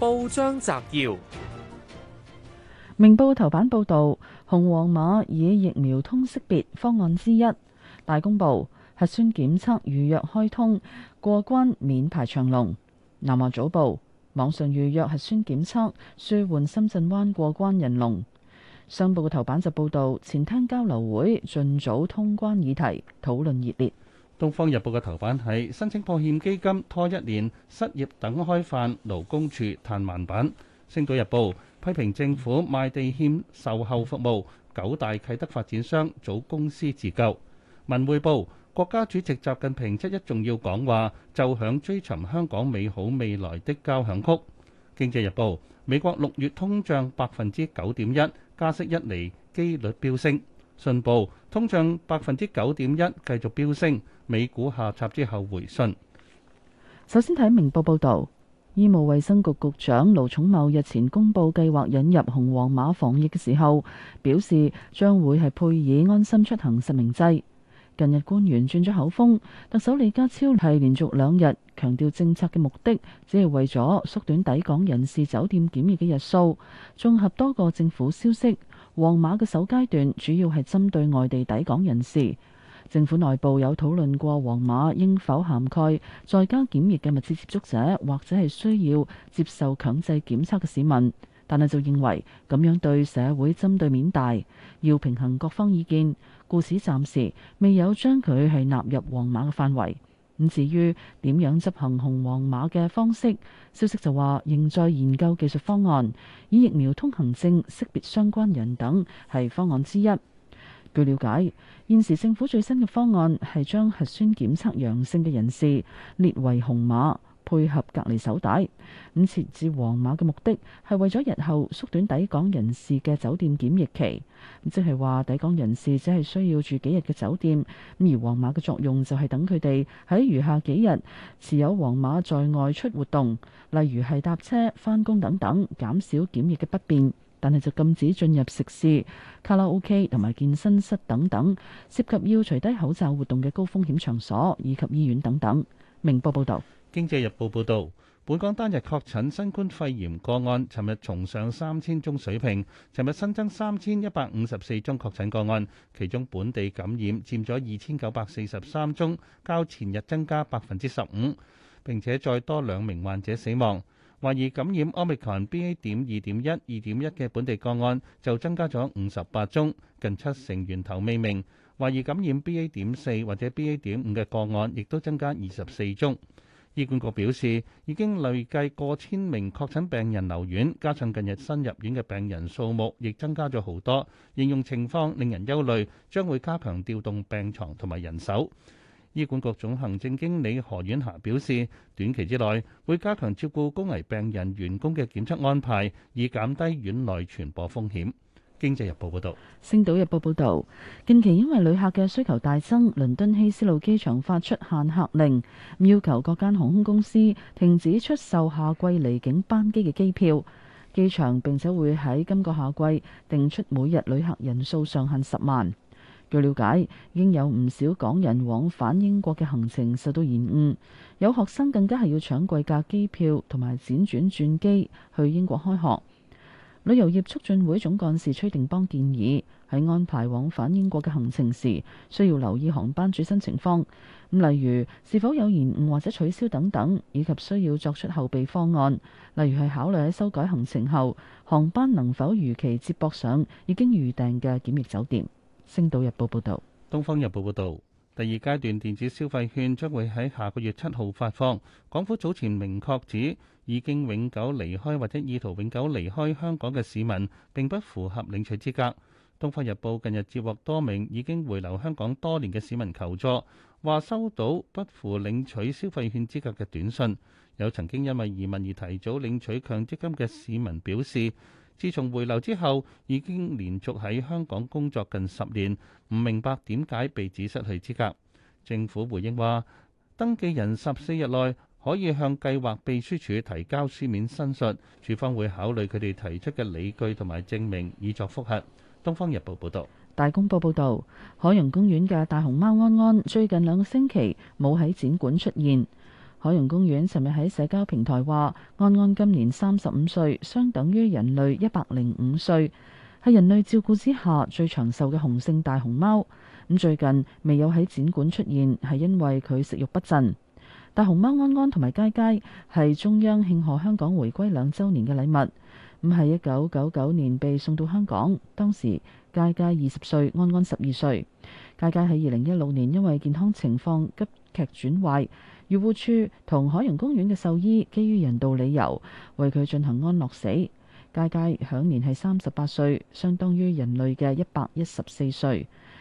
報章摘要：明報頭版報道，紅黃碼以疫苗通識別方案之一。大公報，核酸檢測預約開通，過關免排長龍。南華早報，網上預約核酸檢測，舒緩深圳灣過關人龍。商報嘅頭版就報道，前廳交流會盡早通關議題討論熱烈。《東方日報》嘅頭版係申請破欠基金拖一年，失業等開飯；勞工處嘆慢板，《星島日報》批評政府賣地欠售後服務，九大啟德發展商組公司自救，《文匯報》國家主席習近平七一重要講話，奏響追尋香港美好未來的交響曲，《經濟日報》美國六月通脹百分之九點一，加息一厘機率飆升。信報通脹百分之九點一，繼續飆升。美股下挫之後回升。首先睇明報報導，醫務衛生局局長盧寵茂日前公布計劃引入紅黃碼防疫嘅時候，表示將會係配以安心出行實名制。近日官員轉咗口風，特首李家超係連續兩日強調政策嘅目的，只係為咗縮短抵港人士酒店檢疫嘅日數。綜合多個政府消息，黃碼嘅首階段主要係針對外地抵港人士，政府內部有討論過黃碼應否涵蓋在家檢疫嘅密切接觸者或者係需要接受強制檢測嘅市民，但係就認為咁樣對社會針對面大，要平衡各方意見，故此暫時未有將佢係納入黃碼嘅範圍。至於點樣執行紅黃碼嘅方式，消息就話仍在研究技術方案，以疫苗通行證識別相關人等係方案之一。據了解，現時政府最新嘅方案係將核酸檢測陽性嘅人士列為紅碼。配合隔離手帶咁設置黃碼嘅目的係為咗日後縮短抵港人士嘅酒店檢疫期，即係話抵港人士只係需要住幾日嘅酒店，咁而黃碼嘅作用就係等佢哋喺餘下幾日持有黃碼，在外出活動，例如係搭車、返工等等，減少檢疫嘅不便。但係就禁止進入食肆、卡拉 OK 同埋健身室等等涉及要除低口罩活動嘅高風險場所，以及醫院等等。明報報導。《經濟日報》報導，本港單日確診新冠肺炎個案，尋日重上三千宗水平。尋日新增三千一百五十四宗確診個案，其中本地感染佔咗二千九百四十三宗，較前日增加百分之十五。並且再多兩名患者死亡，懷疑感染 Omicron BA. 點二點一二點一嘅本地個案就增加咗五十八宗，近七成源頭未明。懷疑感染 BA. 點四或者 BA. 點五嘅個案，亦都增加二十四宗。醫管局表示，已經累計過千名確診病人留院，加上近日新入院嘅病人數目亦增加咗好多，應用情況令人憂慮，將會加強調動病床同埋人手。醫管局總行政經理何婉霞表示，短期之內會加強照顧高危病人員工嘅檢測安排，以減低院內傳播風險。《經濟日報》報導，《星島日報》報導，近期因為旅客嘅需求大增，倫敦希斯路機場發出限客令，要求各間航空公司停止出售夏季離境班機嘅機票。機場並且會喺今個夏季定出每日旅客人數上限十萬。據了解，已經有唔少港人往返英國嘅行程受到延誤，有學生更加係要搶貴價機票同埋輾轉轉機去英國開學。旅遊業促進會總幹事崔定邦建議，喺安排往返英國嘅行程時，需要留意航班最新情況，咁例如是否有延誤或者取消等等，以及需要作出後備方案，例如係考慮喺修改行程後，航班能否如期接駁上已經預訂嘅檢疫酒店。星島日報報道。東方日報報道，第二階段電子消費券將會喺下個月七號發放。港府早前明確指。已經永久離開或者意圖永久離開香港嘅市民並不符合領取資格。《東方日報》近日接獲多名已經回流香港多年嘅市民求助，話收到不符領取消費券資格嘅短信。有曾經因為移民而提早領取強積金嘅市民表示，自從回流之後已經連續喺香港工作近十年，唔明白點解被指失去資格。政府回應話，登記人十四日內。可以向計劃秘書處提交書面申述，處方會考慮佢哋提出嘅理據同埋證明，以作複核。《東方日報》報導，《大公報》報導，海洋公園嘅大熊貓安安最近兩個星期冇喺展館出現。海洋公園尋日喺社交平台話：安安今年三十五歲，相等於人類一百零五歲，係人類照顧之下最長壽嘅雄性大熊貓。咁最近未有喺展館出現，係因為佢食慾不振。大熊貓安安同埋佳佳係中央慶賀香港回歸兩周年嘅禮物，咁係一九九九年被送到香港，當時佳佳二十歲，安安十二歲。佳佳喺二零一六年因為健康情況急劇轉壞，漁護署同海洋公園嘅獸醫基於人道理由，為佢進行安樂死。佳佳享年係三十八歲，相當於人類嘅一百一十四歲。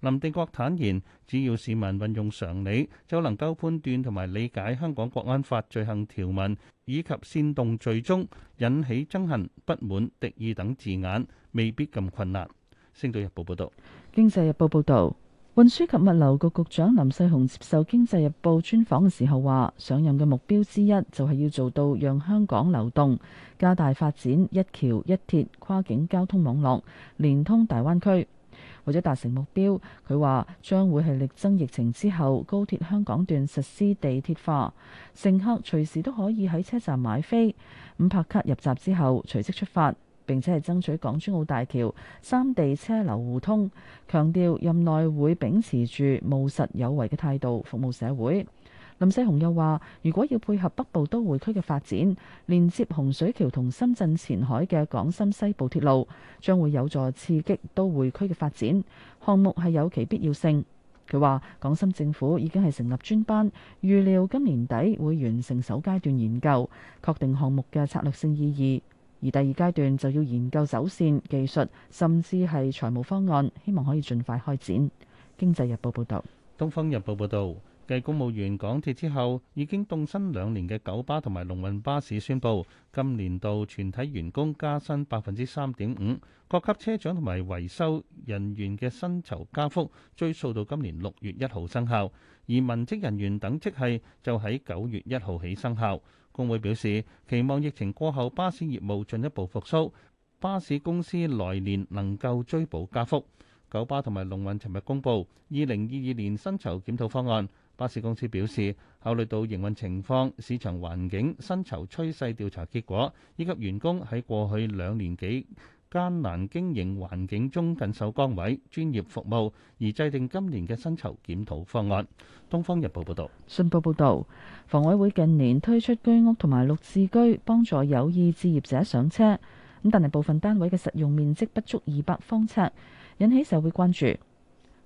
林定國坦言，只要市民運用常理，就能夠判斷同埋理解香港國安法罪行條文以及煽動罪中引起憎恨、不滿、敵意等字眼，未必咁困難。星島日報報道，經濟日報報道，運輸及物流局局長林世雄接受經濟日報專訪嘅時候話，上任嘅目標之一就係要做到讓香港流動，加大發展一橋一鐵跨境交通網絡，連通大灣區。為咗達成目標，佢話將會係力爭疫情之後高鐵香港段實施地鐵化，乘客隨時都可以喺車站買飛，五拍卡入閘之後隨即出發，並且係爭取港珠澳大橋三地車流互通。強調任內會秉持住務實有為嘅態度服務社會。林世雄又話：如果要配合北部都會區嘅發展，連接洪水橋同深圳前海嘅港深西部鐵路，將會有助刺激都會區嘅發展。項目係有其必要性。佢話：港深政府已經係成立專班，預料今年底會完成首階段研究，確定項目嘅策略性意義。而第二階段就要研究走線技術，甚至係財務方案，希望可以盡快開展。經濟日報報道，東方日報報道。繼公務員、港鐵之後，已經凍薪兩年嘅九巴同埋龍運巴士宣布，今年度全體員工加薪百分之三點五，各級車長同埋維修人員嘅薪酬加幅追溯到今年六月一號生效，而文職人員等職系就喺九月一號起生效。工會表示期望疫情過後巴士業務進一步復甦，巴士公司來年能夠追補加幅。九巴同埋龍運尋日公布二零二二年薪酬檢討方案。巴士公司表示，考慮到營運情況、市場環境、薪酬趨勢調查結果，以及員工喺過去兩年幾艱難經營環境中緊守崗位、專業服務，而制定今年嘅薪酬檢討方案。《東方日報》報道，信報報道，房委會近年推出居屋同埋綠置居，幫助有意置業者上車，咁但係部分單位嘅實用面積不足二百方尺，引起社會關注。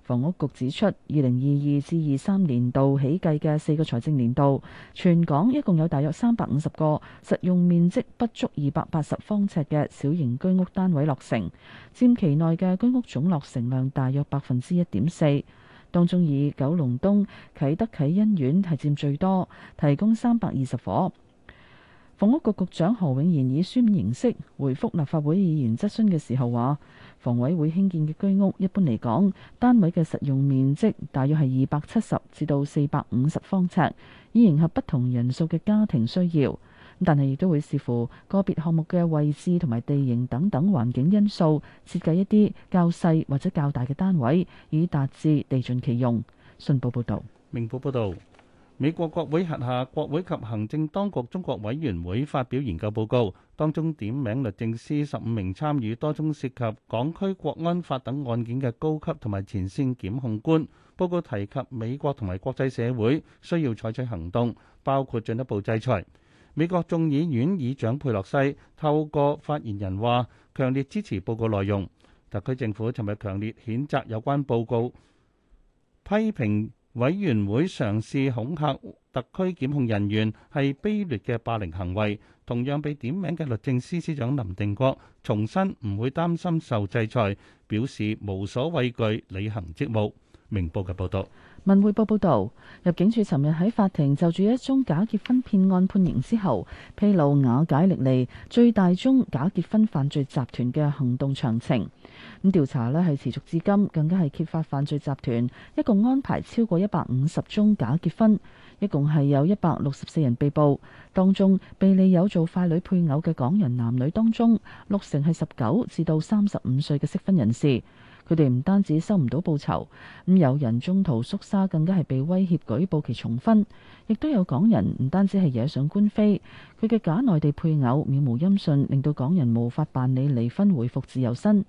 房屋局指出，二零二二至二三年度起計嘅四個財政年度，全港一共有大約三百五十個實用面積不足二百八十方尺嘅小型居屋單位落成，佔其內嘅居屋總落成量大約百分之一點四。當中以九龍東啟德啟欣苑係佔最多，提供三百二十伙。房屋局局長何永賢以書面形式回覆立法會議員質詢嘅時候話，房委會興建嘅居屋一般嚟講，單位嘅實用面積大約係二百七十至到四百五十方尺，以迎合不同人數嘅家庭需要。但係亦都會視乎個別項目嘅位置同埋地形等等環境因素，設計一啲較細或者較大嘅單位，以達至地盡其用。信報報道，明報報道。美國國會轄下國會及行政當局中國委員會發表研究報告，當中點名律政司十五名參與多宗涉及港區國安法等案件嘅高級同埋前線檢控官。報告提及美國同埋國際社會需要採取行動，包括進一步制裁。美國眾議院議長佩洛西透過發言人話：強烈支持報告內容。特區政府尋日強烈譴責有關報告，批評，委員會嘗試恐嚇特區檢控人員係卑劣嘅霸凌行為，同樣被點名嘅律政司司長林定國重申唔會擔心受制裁，表示無所畏懼，履行職務。明報嘅報道，文匯報報導，入境處尋日喺法庭就住一宗假結婚騙案判刑之後，披露瓦解歷來最大宗假結婚犯罪集團嘅行動詳情。咁調查呢係持續至今，更加係揭發犯罪集團一共安排超過一百五十宗假結婚，一共係有一百六十四人被捕。當中被利用做快女配偶嘅港人男女當中，六成係十九至到三十五歲嘅適婚人士。佢哋唔單止收唔到報酬，咁有人中途縮沙，更加係被威脅舉報其重婚，亦都有港人唔單止係惹上官非，佢嘅假內地配偶渺無音訊，令到港人無法辦理離婚，回復自由身。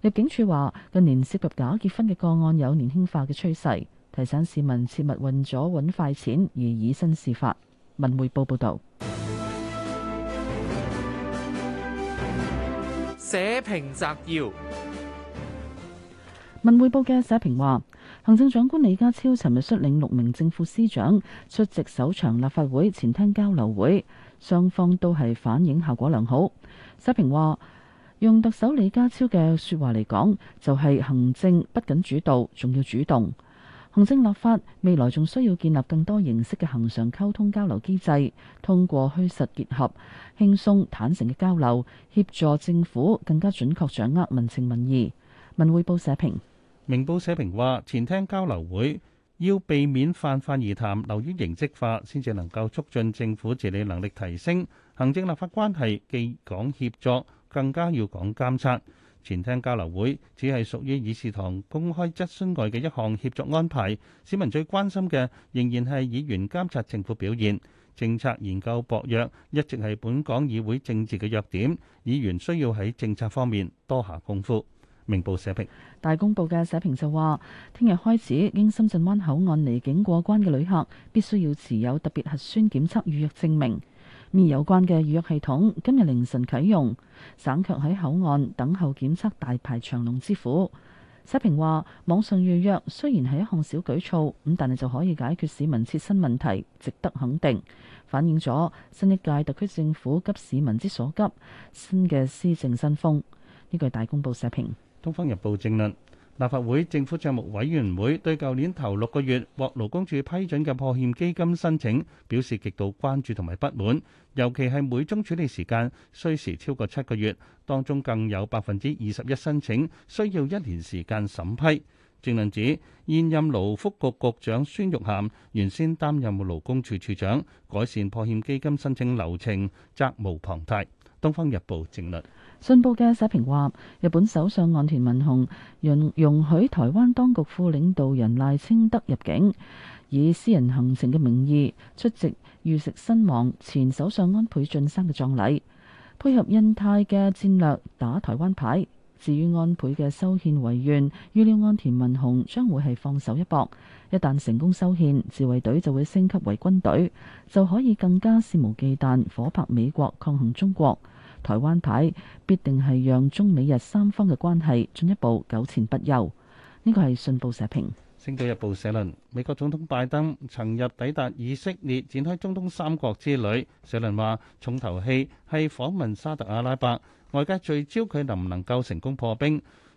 入境處話近年涉及假結婚嘅個案有年輕化嘅趨勢，提醒市民切勿為咗搵快錢而以身試法。文匯報報道，寫評摘要。文匯報嘅社評話，行政長官李家超尋日率領六名正副司長出席首場立法會前廳交流會，雙方都係反映效果良好。社評話，用特首李家超嘅說話嚟講，就係行政不僅主導，仲要主動。行政立法未來仲需要建立更多形式嘅恆常溝通交流機制，通過虛實結合、輕鬆坦誠嘅交流，協助政府更加準確掌握民情民意。文匯報社評。明報社評話：前廳交流會要避免泛泛而談，流於形式化，先至能夠促進政府治理能力提升。行政立法關係既講協作，更加要講監察。前廳交流會只係屬於議事堂公開質詢外嘅一項協作安排。市民最關心嘅仍然係議員監察政府表現。政策研究薄弱一直係本港議會政治嘅弱點，議員需要喺政策方面多下功夫。明報社評，大公報嘅社評就話：聽日開始經深圳灣口岸離境過關嘅旅客必須要持有特別核酸檢測預約證明。而有關嘅預約系統今日凌晨啟用，省卻喺口岸等候檢測大排長龍之苦。社評話：網上預約雖然係一項小舉措，咁但係就可以解決市民切身問題，值得肯定，反映咗新一屆特區政府急市民之所急，新嘅施政新風。呢個係大公報社評。《東方日報》正論：立法會政府帳目委員會對舊年頭六個月獲勞工處批准嘅破欠基金申請表示極度關注同埋不滿，尤其係每宗處理時間需時超過七個月，當中更有百分之二十一申請需要一年時間審批。正論指現任勞福局局長孫玉菡原先擔任勞工處處長，改善破欠基金申請流程責無旁貸。《東方日報》正論。信報嘅社評話：日本首相岸田文雄容容許台灣當局副領導人賴清德入境，以私人行程嘅名義出席遇刺身亡前首相安倍晉三嘅葬禮，配合印太嘅戰略打台灣牌。至於安倍嘅修憲遺願，預料岸田文雄將會係放手一搏。一旦成功修憲，自衛隊就會升級為軍隊，就可以更加肆無忌憚，夥拍美國抗衡中國。台灣牌必定係讓中美日三方嘅關係進一步糾纏不休，呢個係信報社評。星島日報社論：美國總統拜登尋日抵達以色列，展開中東三國之旅。社論話，重頭戲係訪問沙特阿拉伯，外界聚焦佢能唔能夠成功破冰？